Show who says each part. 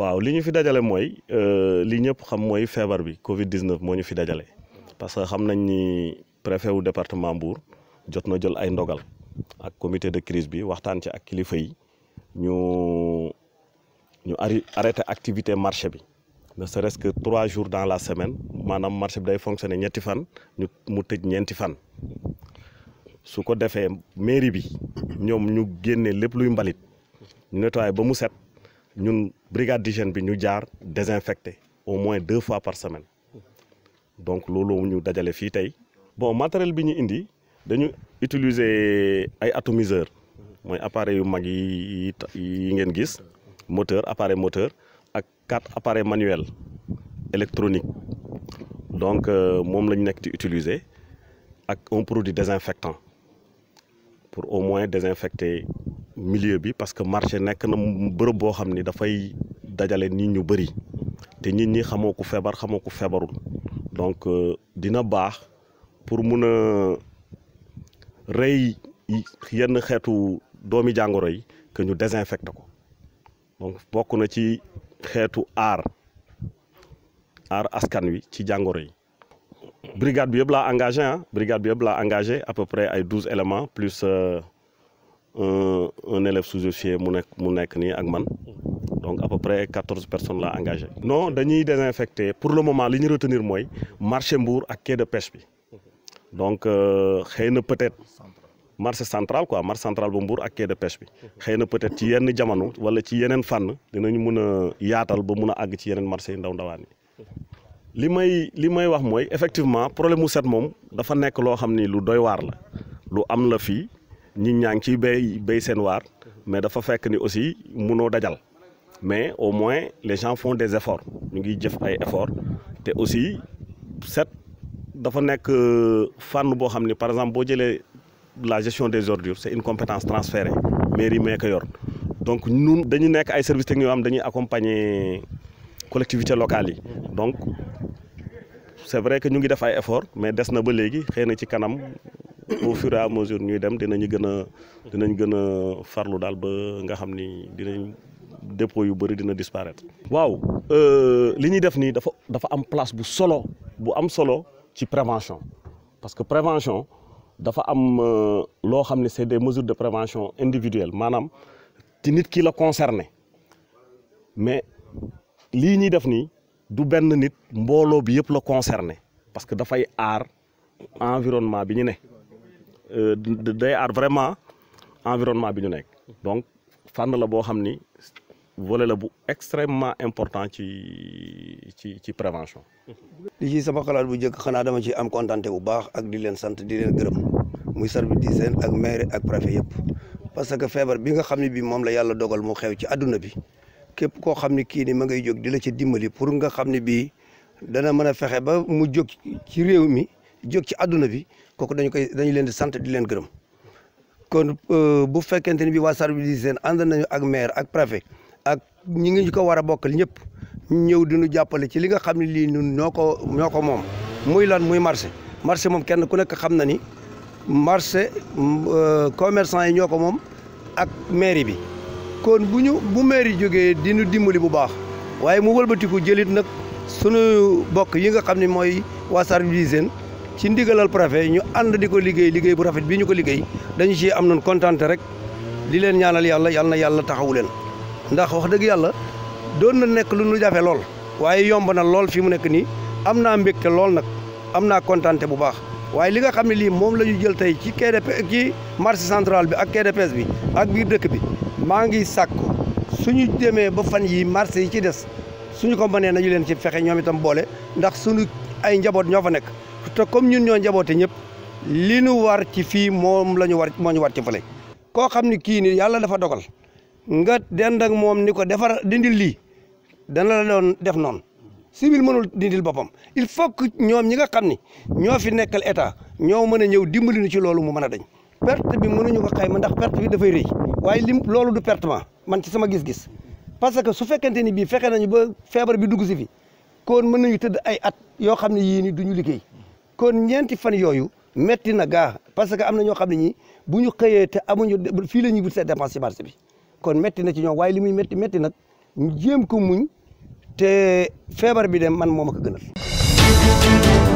Speaker 1: waaw li ñu fi dajale mooy euh, li ñëpp xam mooy feebar bi Covid 19 moo ñu fi dajale parce que xam nañ ni préfet wu département Mbour jot na jël ay ndogal ak comité de crise bi waxtaan ci ak kilifa yi ñu ñu arrêté activité marché bi ne serait-ce que trois jours dans la semaine maanaam marché bi day fonctionner ñetti fan mu tëj ñeenti fan su ko defee mairie bi ñoom ñu génnee lépp luy mbalit ñu nettoyé ba mu set. ñun brigade d'hygiène bi ñu jaar désinfecter au moins deux fois par semaine donc loolu ñu dajale fii tey bon matériel bi ñu indi dañu utiliser ay atomiseur mooy appareil yu mag moteur appareil moteur ak quatre appareils manuels électroniques. donc euh, moom la nekk utiliser un produit désinfectant pour au moins désinfecter milieu bi parce que marché nek na beureup bo xamni da fay dajale nit ñu bëri te nit ñi xamoo ko feebar xamoo donc euh, dina bax pour mun a rey yenn xétu doomi jangoro yi que ñu désinfecté ko donc bokku na ci xétu aar ar askan wi ci jangoro yi. brigade bi yeb la engagé hein brigade bi yeb la engagé à peu près ay 12 éléments plus. Euh, un euh, un élève sous-officier mu nekk mu ak man donc à peu près 14 personnes là engagé. non dañuy désinfecté pour le moment li ñu retenir moy marché Mbour ak quai de pêche bi donc rien euh, na peut-être marché central quoi marché central bu Mbour ak quai de pêche bi xëy peut-être ci yenn jamono wala ci yeneen fànn dinañ mun a yaatal ba mun a àgg ci yeneen marché yi ndaw ndawaan Limay, Limay, may li wax mooy effectivement problème mu set moom dafa nekk loo xam ni lu doy waar la lu am la fille nit ñang ci bay bay sen war mais dafa fekk ni aussi mëno dajal mais au moins les gens font des efforts ñu ngi jëf ay efforts té aussi set dafa nek euh, fànn bo xamni par exemple bo jëlé la gestion des ordures c'est une compétence transférée mairie mee ko yor donc nous, dañu nek ay services techniques nous am dañuy accompagner collectivités locales donc c'est vrai que ñu ngi def ay efforts mais des na ba légui xeyna ci kanam au fur et à mesure ñuy dem dinañu gëna a dinañ gën farlu dal ba nga xamni dinañ dépôt yu bëri dina disparaître. waaw euh liñuy def ni dafa dafa am place bu solo bu am solo ci prévention parce que prévention dafa am euh, lo xamni c'est des mesures de prévention individuelles manam ci nit ki la concerné mais lii ñuy def ni du ben nit mbolo bi yëpp la concerné parce que da fay ar environnement bi ñu ne Euh, day aar vraiment environnement bi ñu nekk donc fànn la boo xam ni
Speaker 2: volet la bu extrêmement important ci ci ci prévention. li ci sama xalaat bu njëkk xanaa dama ci am kontaan bu baax ak di sant di leen gërëm muy service d'hygiène ak maire ak préfet yëpp parce que feebar bi nga xam ne bii moom la yàlla dogal mu xew ci adduna bi képp koo xam ne kii ni ma ngay jog di la ci dimbali pour nga xam ne bii dana mën a fexe ba mu jóg ci réew mi. jóg ci àdduna bi kooku dañu koy dañu leen di sant di leen gërëm kon euh, bu fekkente ni bi waa service d'hygiène ànd nañu ak maire ak préfet ak ñi ngi ñu ko war a bokkal ñëpp ñëw di ñu jàppale ci li nga xam ne lii ñun ñoo ko ñoo ko moom muy lan muy marché marché moom kenn ku nekk xam na ni marché euh, commerçant yi ñoo ko moom ak mairie bi kon bu ñu bu mairie jógee di dimbali bu baax waaye mu wëlbatiku jëlit nag sunu bokk yi nga xam ni mooy waa service d'hygiène ci ndigalal préfet ñu and di ko liggéey liggéey bu rafet bi ñu ko liggéey dañu ci am noonu kontante rek di leen ñaanal yalla yalla yalla taxawu leen ndax wax deug yalla doon na nek lu ñu jafé lool waye yomb na lool fi mu nek ni amna naa lool nak amna bu baax waye li nga xamni li mom lañu jël tay ci KDP ci marché central bi ak KDP bi ak bi dëkk bi ma ngi sakku suñu démé ba fan yi marché yi ci des suñu ko mënee nañu leen ci fexé ñoom itam boole ndax suñu ay njabot ñofa nek te comme ñun ñoo njabote ñep li ñu war ci fi mom lañu war mo ñu war ci fele ko xamni ki ni yalla dafa dogal nga dend ak mom niko defar dindil li dan la doon def non civil mënul dindil bopam il faut que ñom ñi nga xamni ñoo fi nekkal état ñoo mëna ñëw dimbali ñu ci loolu mu mëna dañ perte bi mënuñu ko xayma ndax perte bi fay rëy waye lim loolu du pertement man ci sama gis-gis parce que su fekkente ni fexé nañu ba fièvre bi dugg ci fi kon mënañu nañu ay at yo xamni yi ni duñu liggéey kon ñeenti fan yooyu metti na gaa parce que am na ñoo xam ne ñi bu ñu xëyee te amuñu fii la ñuy wut seen dépense ci marché bi kon metti na ci ñoom waaye li muy metti metti nag ñu jéem ko muñ te feebar bi dem man moo ma ko gënal